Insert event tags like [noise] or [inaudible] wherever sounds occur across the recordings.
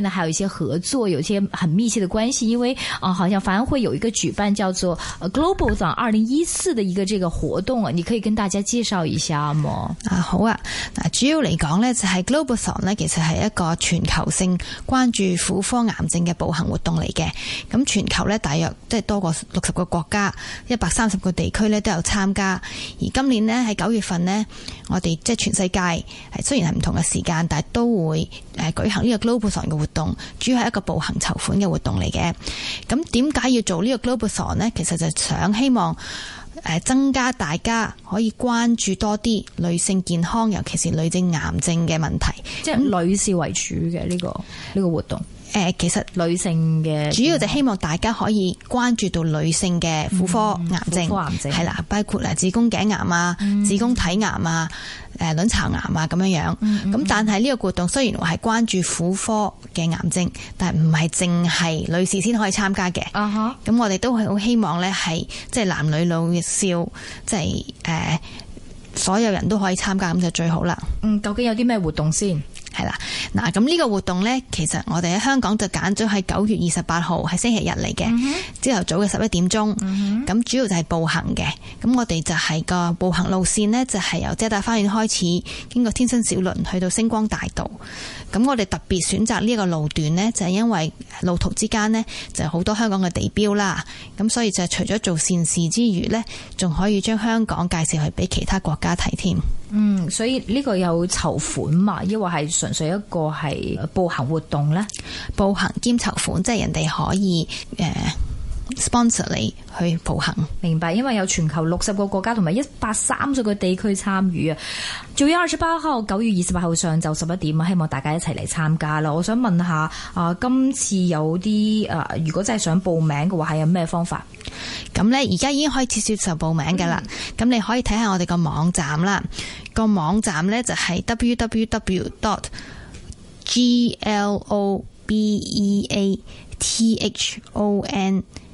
呢在還有一些合作，有一些很密切的關係，因為啊，好像反而會有一個舉辦叫做 Globeathon 二零一四的一個這個活動啊，你可以跟大家介紹一下嗎？啊，好啊，嗱，主要嚟講咧就係、是、Globeathon 咧，其實係一個全球性關注婦科癌症嘅步行活動嚟嘅。咁全球咧大約即係多過六十個國家，一百三十個地區咧都有參加。而今年咧喺九月份咧，我哋即係全世界雖然係唔同嘅時間，但係都會誒舉行呢個 Globeathon 嘅活動。動主要係一個步行籌款嘅活動嚟嘅，咁點解要做呢個 Globeathon 呢？其實就想希望誒增加大家可以關注多啲女性健康，尤其是女性癌症嘅問題，即係女士為主嘅呢個呢個活動。誒、呃，其實女性嘅主要就希望大家可以關注到女性嘅婦科癌症，係、嗯、啦，包括誒子宮頸癌啊、子宮、嗯、體癌啊、誒卵巢癌啊咁樣樣。咁、嗯嗯、但係呢個活動雖然話係關注婦科嘅癌症，但係唔係淨係女士先可以參加嘅。咁、啊、哈我哋都好希望呢係即係男女老少，即係誒所有人都可以參加，咁就最好啦、嗯。究竟有啲咩活動先？係啦，嗱，咁、這、呢個活動呢，其實我哋喺香港就揀咗喺九月二十八號係星期日嚟嘅，朝頭、mm hmm. 早嘅十一點鐘，咁、mm hmm. 主要就係步行嘅。咁我哋就係個步行路線呢，就係、是、由遮打花園開始，經過天星小輪去到星光大道。咁我哋特別選擇呢一個路段呢，就係、是、因為路途之間呢，就好、是、多香港嘅地標啦。咁所以就除咗做善事之餘呢，仲可以將香港介紹去俾其他國家睇添。嗯，所以呢個有籌款嘛，抑或係純粹一個係步行活動呢？步行兼籌款，即係人哋可以誒。Uh sponsor 嚟去步行，明白？因為有全球六十個國家同埋一百三十個地區參與啊！九月二十八號，九月二十八號上晝十一點啊，希望大家一齊嚟參加啦！我想問下啊、呃，今次有啲誒、呃，如果真係想報名嘅話，係有咩方法？咁呢、嗯，而家已經開始接受報名噶啦，咁、嗯、你可以睇下我哋個網站啦。個網站呢，就係 www.dot.globalthon。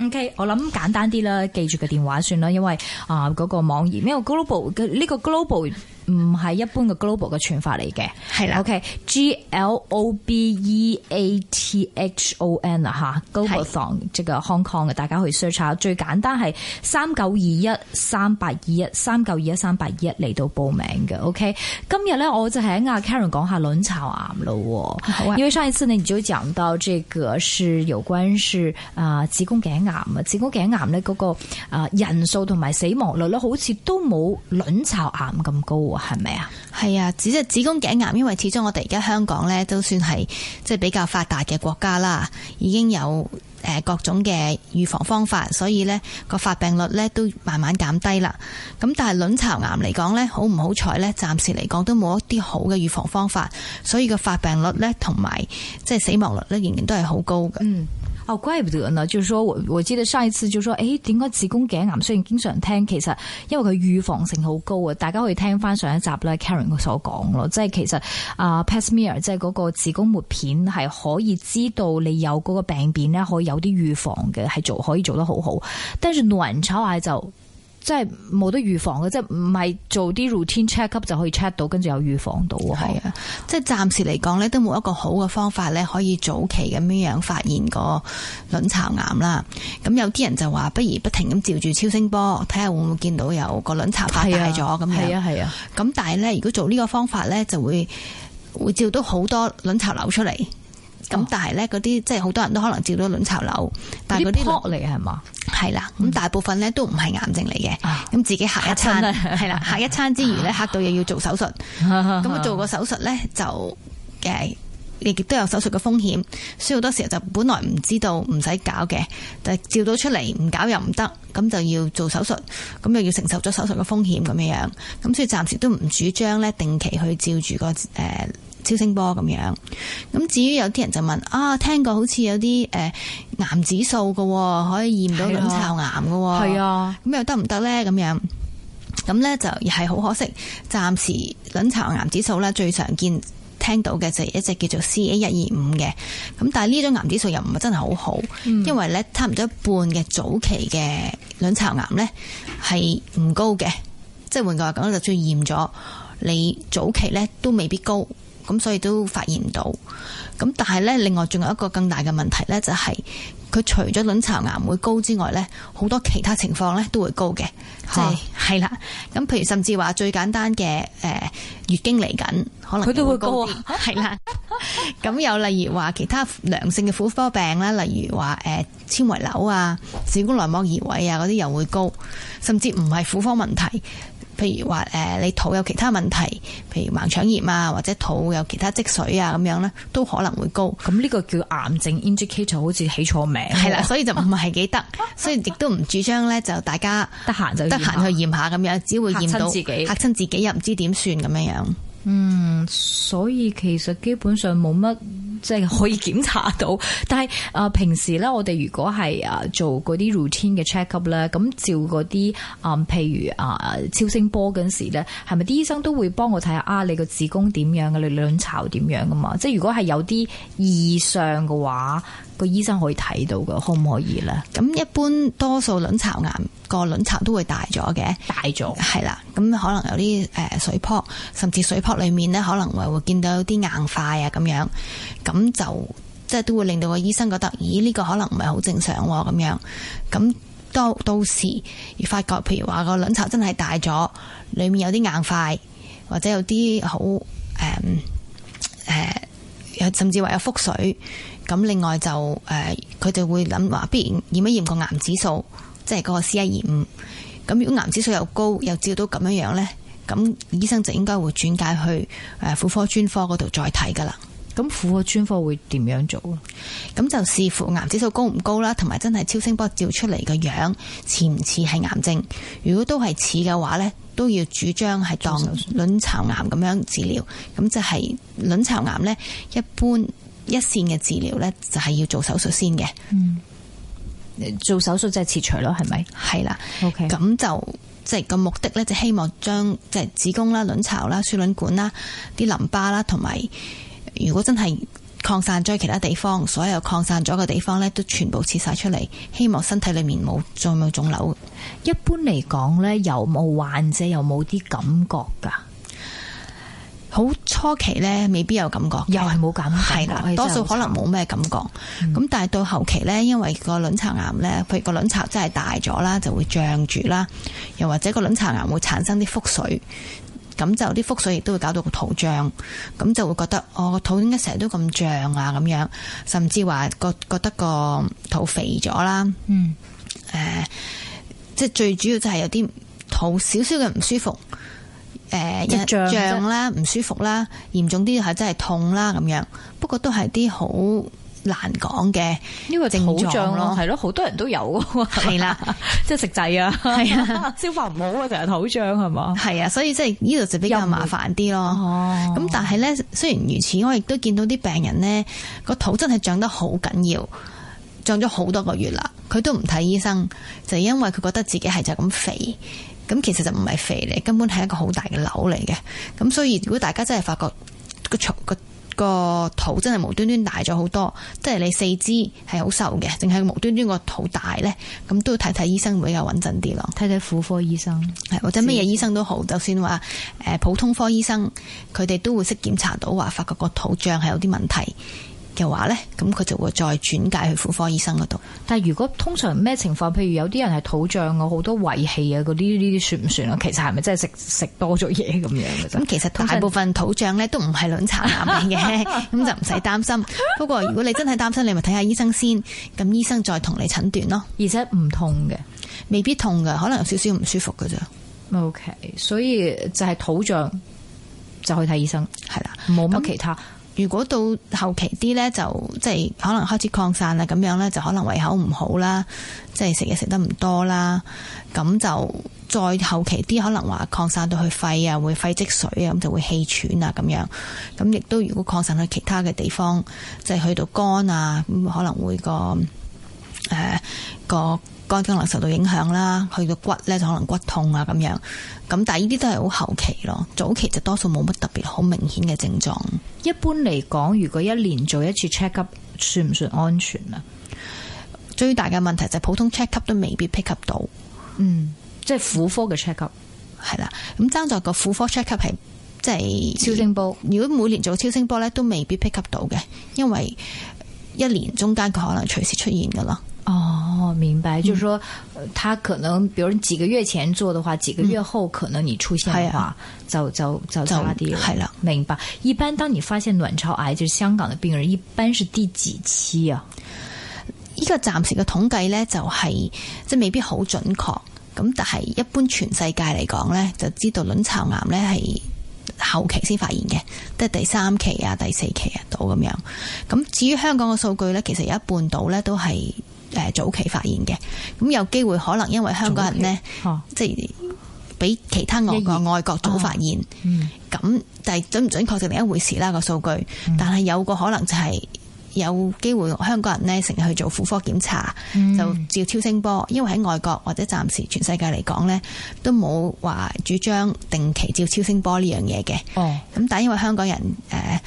O.K.，我諗簡單啲啦，記住個電話算啦，因為啊嗰個網頁，因為個 global 嘅呢個 global。唔係一般嘅 global 嘅串法嚟嘅，係啦的。OK，G L O B E A T H O N 啊吓，Globeathon 即係個 Hong Kong 嘅，大家去 search 下。最簡單係三九二一三八二一三九二一三八二一嚟到報名嘅。OK，今日咧我就喺阿 Karen 講下卵巢癌咯，好啊、因為上一次呢你就講到這個是有關是啊子宮頸癌啊，子宮頸癌咧嗰、那個啊、呃、人數同埋死亡率咧好似都冇卵巢癌咁高。係咪啊？係啊，只係子宮頸癌，因為始終我哋而家香港咧都算係即係比較發達嘅國家啦，已經有誒各種嘅預防方法，所以咧個發病率咧都慢慢減低啦。咁但係卵巢癌嚟講咧，好唔好彩咧？暫時嚟講都冇一啲好嘅預防方法，所以個發病率咧同埋即係死亡率咧，仍然都係好高嘅。嗯啊、哦，怪不得呢！就是說我我記得上一次就說，誒、欸，點解子宮頸癌雖然經常聽，其實因為佢預防性好高啊，大家可以聽翻上一集咧，Karen 佢所講咯，即係其實啊、呃、Pap smear 即係嗰個子宮抹片係可以知道你有嗰個病變咧，可以有啲預防嘅，係做可以做得好好，但係卵巢癌就即係冇得預防嘅，即係唔係做啲 routine checkup 就可以 check 到，跟住有預防到。係啊，嗯、即係暫時嚟講咧，都冇一個好嘅方法咧，可以早期咁樣樣發現個卵巢癌啦。咁有啲人就話，不如不停咁照住超聲波，睇下會唔會見到有個卵巢變大咗咁樣。係啊係啊。咁、啊啊啊、但係咧，如果做呢個方法咧，就會會照到好多卵巢瘤出嚟。咁、哦、但係咧，嗰啲即係好多人都可能照到卵巢瘤，但係嗰啲落嚟係嘛？係啦，咁、嗯、大部分咧都唔係癌症嚟嘅。咁、啊、自己吓一餐係啦，吓壞了一餐之餘咧吓到又要做手術，咁 [laughs] 做個手術咧就誒亦都有手術嘅風險，所以好多時候就本來唔知道唔使搞嘅，但係照到出嚟唔搞又唔得，咁就要做手術，咁又要承受咗手術嘅風險咁樣樣，咁所以暫時都唔主張咧定期去照住個誒。呃超聲波咁樣咁，至於有啲人就問啊，聽過好似有啲誒、呃、癌指數嘅，可以驗到卵巢癌嘅，係啊，咁、啊、又得唔得咧？咁樣咁咧就係好可惜，暫時卵巢癌指數咧最常見聽到嘅就係一隻叫做 CA125 嘅。咁但係呢種癌指數又唔係真係好好，嗯、因為咧差唔多一半嘅早期嘅卵巢癌咧係唔高嘅，即係換句話講就最驗咗你早期咧都未必高。咁所以都發現唔到，咁但係咧，另外仲有一個更大嘅問題咧、就是，就係佢除咗卵巢癌會高之外咧，好多其他情況咧都會高嘅，即係係啦。咁、啊、譬如甚至話最簡單嘅誒、呃、月經嚟緊，可能佢都會，會高啊，係啦了。咁 [laughs] [laughs] 有例如話其他良性嘅婦科病啦，例如話誒、呃、纖維瘤啊、子宮內膜移位啊嗰啲又會高，甚至唔係婦科問題。譬如話誒，你肚有其他問題，譬如盲腸炎啊，或者肚有其他積水啊，咁樣咧都可能會高。咁呢、嗯這個叫癌症 indicator，好似起錯名係啦，所以就唔係幾得。 [laughs] 所以亦都唔主張咧，就大家得閒就驗得閒去驗下咁樣，只會驗到吓親自己，吓親自己又唔知點算咁樣樣。嗯，所以其實基本上冇乜。即係可以檢查到，但係誒、呃、平時咧，我哋如果係誒做嗰啲 routine 嘅 checkup 咧，咁照嗰啲誒譬如誒、呃、超聲波嗰陣時咧，係咪啲醫生都會幫我睇下啊？你個子宮點樣嘅，你卵巢點樣㗎嘛？即係如果係有啲異常嘅話。個醫生可以睇到噶，可唔可以咧？咁一般多數卵巢癌個卵巢都會大咗嘅，大咗係啦。咁可能有啲誒水泡，甚至水泡裏面咧，可能會會見到有啲硬塊啊咁樣。咁就即係都會令到個醫生覺得，咦，呢個可能唔係好正常喎咁樣。咁到到時發覺，譬如話個卵巢真係大咗，裏面有啲硬塊，或者有啲好誒誒，甚至話有腹水。咁另外就誒，佢哋會諗話，必然驗一驗個癌指數，即係嗰個 CA125。咁如果癌指數又高，又照到咁樣樣呢，咁醫生就應該會轉介去誒婦科專科嗰度再睇噶啦。咁婦科專科會點樣做？咁就視乎癌指數高唔高啦，同埋真係超聲波照出嚟嘅樣似唔似係癌症？如果都係似嘅話呢，都要主張係當卵巢癌咁樣治療。咁、嗯嗯嗯、就係卵巢癌呢，一般。一線嘅治療呢，就係要做手術先嘅。嗯，做手術即係切除咯，係咪？係啦。OK，咁就即係個目的呢，就希望將即係子宮啦、卵巢啦、輸卵管啦、啲淋巴啦，同埋如果真係擴散咗其他地方，所有擴散咗嘅地方呢，都全部切晒出嚟，希望身體裏面冇再冇腫瘤。一般嚟講呢，有冇患者有冇啲感覺噶？好初期咧，未必有感覺，又係冇感覺，係啦的，的多數可能冇咩感覺。咁但係到後期咧，因為個卵巢癌咧，佢個卵巢真係大咗啦，就會脹住啦，又或者個卵巢癌會產生啲腹水，咁就啲腹水亦都會搞到個肚脹，咁就會覺得我個、哦、肚點解成日都咁脹啊咁樣，甚至話覺覺得個肚肥咗啦，嗯，誒、呃，即係最主要就係有啲肚少少嘅唔舒服。誒，脹啦、呃，唔、啊、舒服啦，嚴重啲係真係痛啦咁樣，不過都係啲好難講嘅呢個症狀咯，係咯、啊，好多人都有啊，係啦，即係食滯啊，係啊，消化唔好啊，成日肚脹係嘛，係啊，所以即係呢度就比較麻煩啲咯。咁、嗯、但係咧，雖然如此，我亦都見到啲病人咧個肚真係脹得好緊要，脹咗好多個月啦，佢都唔睇醫生，就因為佢覺得自己係就咁肥。咁其實就唔係肥嚟，根本係一個好大嘅瘤嚟嘅。咁所以如果大家真係發覺個個，個肚真係無端端大咗好多，即係你四肢係好瘦嘅，淨係無端端個肚大呢，咁都要睇睇醫生會比較穩陣啲咯。睇睇婦科醫生，或者乜嘢醫生都好，的就算話誒普通科醫生，佢哋都會識檢查到話，發覺個肚脹係有啲問題。嘅話咧，咁佢就會再轉介去婦科醫生嗰度。但係如果通常咩情況，譬如有啲人係肚脹嘅，好多胃氣啊，嗰啲呢啲算唔算啊？其實係咪真係食食多咗嘢咁樣嘅啫？咁、嗯、其實大部分肚脹咧都唔係卵巢癌嘅，咁 [laughs] [laughs] 就唔使擔心。不過如果你真係擔心，你咪睇下醫生先，咁醫生再同你診斷咯。而且唔痛嘅，未必痛噶，可能有少少唔舒服噶咋。OK，所以就係肚脹就去睇醫生，係啦的，冇乜其他。如果到後期啲咧，就即係可能開始擴散啦，咁樣咧就可能胃口唔好啦，即係食嘢食得唔多啦，咁就再後期啲可能話擴散到去肺啊，會肺積水啊，咁就會氣喘啊咁樣，咁亦都如果擴散去其他嘅地方，即係去到肝啊，咁可能會個誒、呃、個。肝功能受到影響啦，去到骨咧就可能骨痛啊咁樣，咁但係呢啲都係好後期咯，早期就多數冇乜特別好明顯嘅症狀。一般嚟講，如果一年做一次 checkup，算唔算安全啊？最大嘅問題就係普通 checkup 都未必 pick up 到，嗯，即係婦科嘅 checkup，係啦。咁爭在個婦科 checkup 係即係超聲波，如果每年做超聲波咧，都未必 pick up 到嘅，因為一年中間佢可能隨時出現噶啦。哦，明白，嗯、就是說，佢、呃、可能，比如幾個月前做的話，幾個月後可能你出現嘅話，嗯、就差啲係啦，就的明白。一般當你發現卵巢癌，就是香港的病人，一般是第幾期啊？依個暫時嘅統計呢、就是，就係、是、即未必好準確，咁但係一般全世界嚟講呢，就知道卵巢癌呢係後期先發現嘅，即係第三期啊、第四期啊到咁樣。咁至於香港嘅數據呢，其實有一半到呢都係。誒，早期發現嘅，咁有機會可能因為香港人呢，即係比其他外國、啊、外國早發現，咁、啊嗯、但係準唔準確就另一回事啦個數據。但係有個可能就係有機會香港人呢，成日去做婦科檢查，就照超聲波，嗯、因為喺外國或者暫時全世界嚟講呢，都冇話主張定期照超聲波呢樣嘢嘅。哦，咁但係因為香港人誒。呃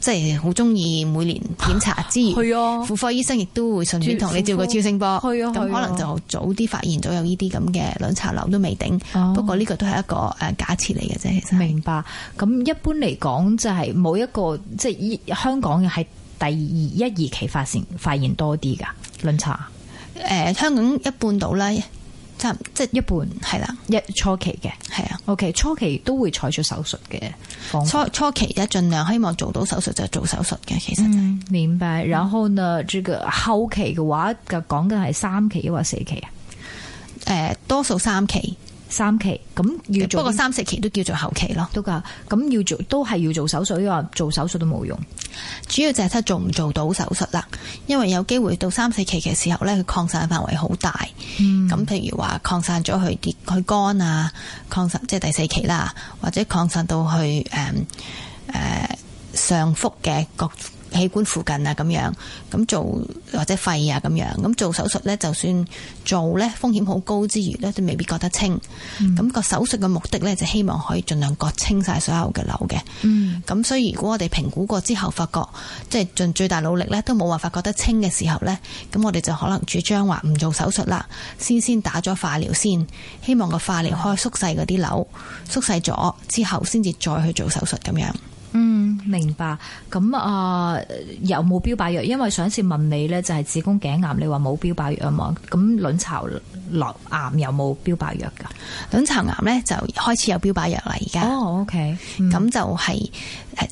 即係好中意每年檢查之餘，婦、啊啊、科醫生亦都會順便同你照個超聲波，咁、啊啊啊、可能就早啲發現咗有呢啲咁嘅卵巢瘤都未定。哦、不過呢個都係一個誒假設嚟嘅啫，其實。明白。咁一般嚟講，就係、是、冇一個即係、就是、香港嘅喺第二一二期發現發現多啲噶卵巢。誒、呃，香港一半到啦。即係一半係啦，一初期嘅係啊，OK，初期都會採取手術嘅。初初期一盡量希望做到手術就做手術嘅。其實、嗯、明白。嗯、然後呢，呢、呢個後期嘅話，就講緊係三期抑或四期啊？誒、呃，多數三期。三期咁要做，不過三四期都叫做後期咯，都噶。咁要做都係要做手術，因為做手術都冇用，主要就係睇做唔做到手術啦。因為有機會到三四期嘅時候咧，佢擴散嘅範圍好大。咁譬、嗯、如話擴散咗佢啲去肝啊，擴散，擴散即係第四期啦，或者擴散到去誒誒、嗯呃、上腹嘅各。器官附近啊，咁樣咁做或者肺啊，咁樣咁做手術咧，就算做咧，風險好高之餘咧，都未必覺得清。咁個、嗯、手術嘅目的咧，就希望可以盡量割清晒所有嘅瘤嘅。咁、嗯、所以如果我哋評估過之後發覺，即係盡最大努力咧，都冇辦法覺得清嘅時候咧，咁我哋就可能主張話唔做手術啦，先先打咗化療先，希望個化療可以縮細嗰啲瘤，縮細咗之後先至再去做手術咁樣。明白，咁啊、呃、有冇標靶藥？因為上一次問你呢，就係、是、子宮頸癌，你話冇標靶藥啊嘛。咁卵巢癌有冇標靶藥噶？卵巢癌呢，就開始有標靶藥啦。而家哦，OK，咁就係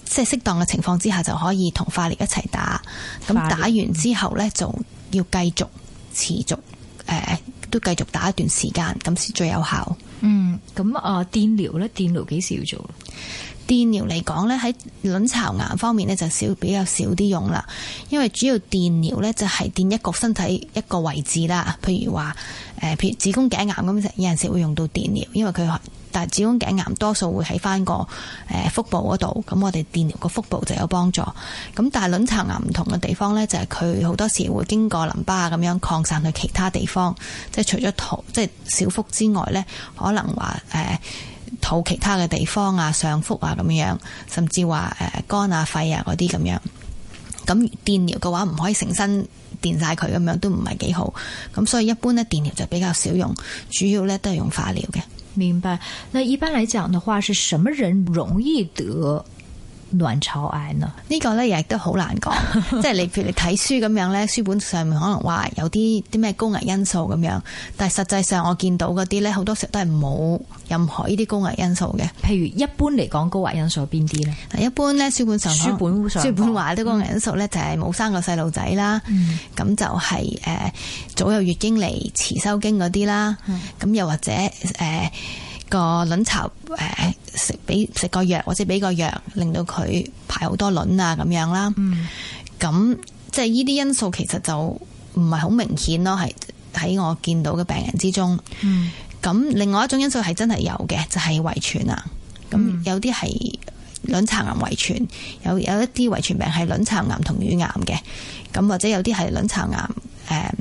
即係適當嘅情況之下就可以同化療一齊打。咁化療，打完之後呢，就要繼續持續誒、呃，都繼續打一段時間，咁先最有效。嗯，咁啊、呃，電療呢，電療幾時要做？電療嚟講咧，喺卵巢癌方面咧就少比較少啲用啦，因為主要電療咧就係電一個身體一個位置啦，譬如話誒、呃，譬如子宮頸癌咁，有陣時會用到電療，因為佢但係子宮頸癌多數會喺返個誒腹部嗰度，咁我哋電療個腹部就有幫助。咁但係卵巢癌唔同嘅地方咧，就係佢好多時會經過淋巴咁樣擴散去其他地方，即係除咗肚即係小腹之外咧，可能話誒、呃肚其他嘅地方啊、上腹啊咁樣，甚至話誒、呃、肝啊、肺啊嗰啲咁樣，咁電療嘅話唔可以成身電晒佢咁樣，都唔係幾好。咁所以一般咧，電療就比較少用，主要咧都係用化療嘅。明白。那一般來講的話，是什麼人容易得？卵巢癌咯，個呢個咧亦都好難講， [laughs] 即係你譬如你睇書咁樣咧，書本上面可能話有啲啲咩高危因素咁樣，但係實際上我見到嗰啲咧，好多時候都係冇任何呢啲高危因素嘅。譬如一般嚟講，高危因素邊啲咧？嗱，一般咧書本上書本上書本話啲高危因素咧，就係冇生過細路仔啦，咁、嗯、就係、是、誒、呃、早有月經嚟、遲收經嗰啲啦，咁又或者誒。呃個卵巢誒食俾食個藥或者俾個藥令到佢排好多卵啊咁樣啦，咁、嗯、即係呢啲因素其實就唔係好明顯咯，係喺我見到嘅病人之中。咁、嗯、另外一種因素係真係有嘅，就係遺傳啊。咁、嗯、有啲係卵巢癌遺傳，有有一啲遺傳病係卵巢癌同乳癌嘅。咁或者有啲係卵巢癌誒。呃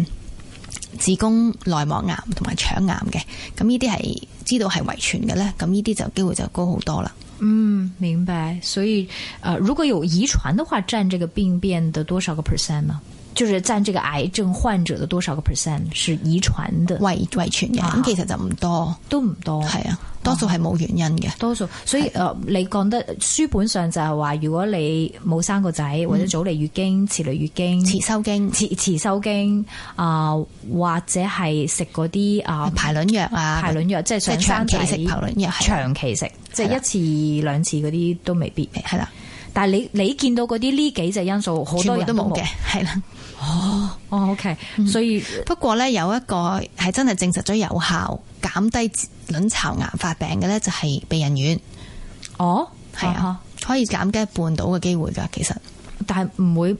子宮內膜癌同埋腸癌嘅，咁呢啲係知道係遺傳嘅咧，咁呢啲就機會就高好多啦。嗯，明白。所以，誒、呃，如果有遺傳嘅話，佔這個病變的多少個 percent 呢？就是佔這個癌症患者嘅多少個 percent 是遺傳嘅，遺遺傳嘅咁其實就唔多，都唔多係啊，多數係冇原因嘅，多數所以誒你講得書本上就係話如果你冇生個仔或者早嚟月經、遲嚟月經、遲收經、遲遲收經啊，或者係食嗰啲啊排卵藥啊排卵藥，即係想生仔食排卵藥，長期食即係一次兩次嗰啲都未必係啦。但係你你見到嗰啲呢幾隻因素，好多人都冇嘅，係啦。哦，哦，OK，嗯、所以不過咧有一個係真係證實咗有效減低卵巢癌發病嘅咧，就係避孕丸。哦，係啊，啊可以減低一半到嘅機會噶其實，但係唔會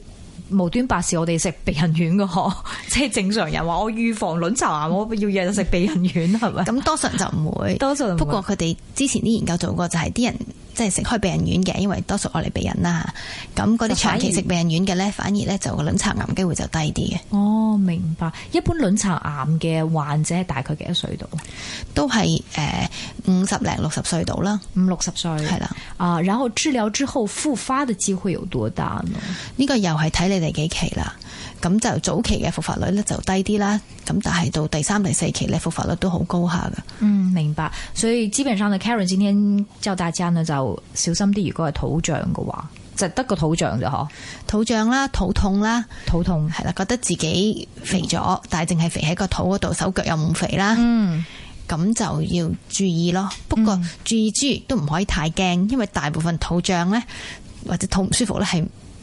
無端白事我哋食避孕丸噶，即 [laughs] 係正常人話我預防卵巢癌， [laughs] 我要日日食避孕丸係咪？咁多數就唔會，多數不，不過佢哋之前啲研究做過就係啲人。即係食開避孕丸嘅，因為多數係嚟避孕啦，咁嗰啲長期食避孕丸嘅咧，反而咧就卵巢癌機會就低啲嘅。哦，明白。一般卵巢癌嘅患者大概幾多歲度？都係誒五十零六十歲度啦，五六十歲係啦。5, 了啊，然後治療之後復發嘅機會有多大呢？呢個又係睇你哋幾期啦。咁就早期嘅復發率咧就低啲啦，咁但係到第三、第四期咧復發率都好高下噶嗯，明白。所以基本上咧，Karen，今天教大家呢，就小心啲，如果係肚脹嘅話，就得個肚脹就嗬。肚脹啦，肚痛啦，肚痛係啦，覺得自己肥咗，嗯、但係淨係肥喺個肚嗰度，手腳又唔肥啦。嗯，咁就要注意咯。不過注意之餘都唔可以太驚，因為大部分肚脹咧或者肚唔舒服咧係。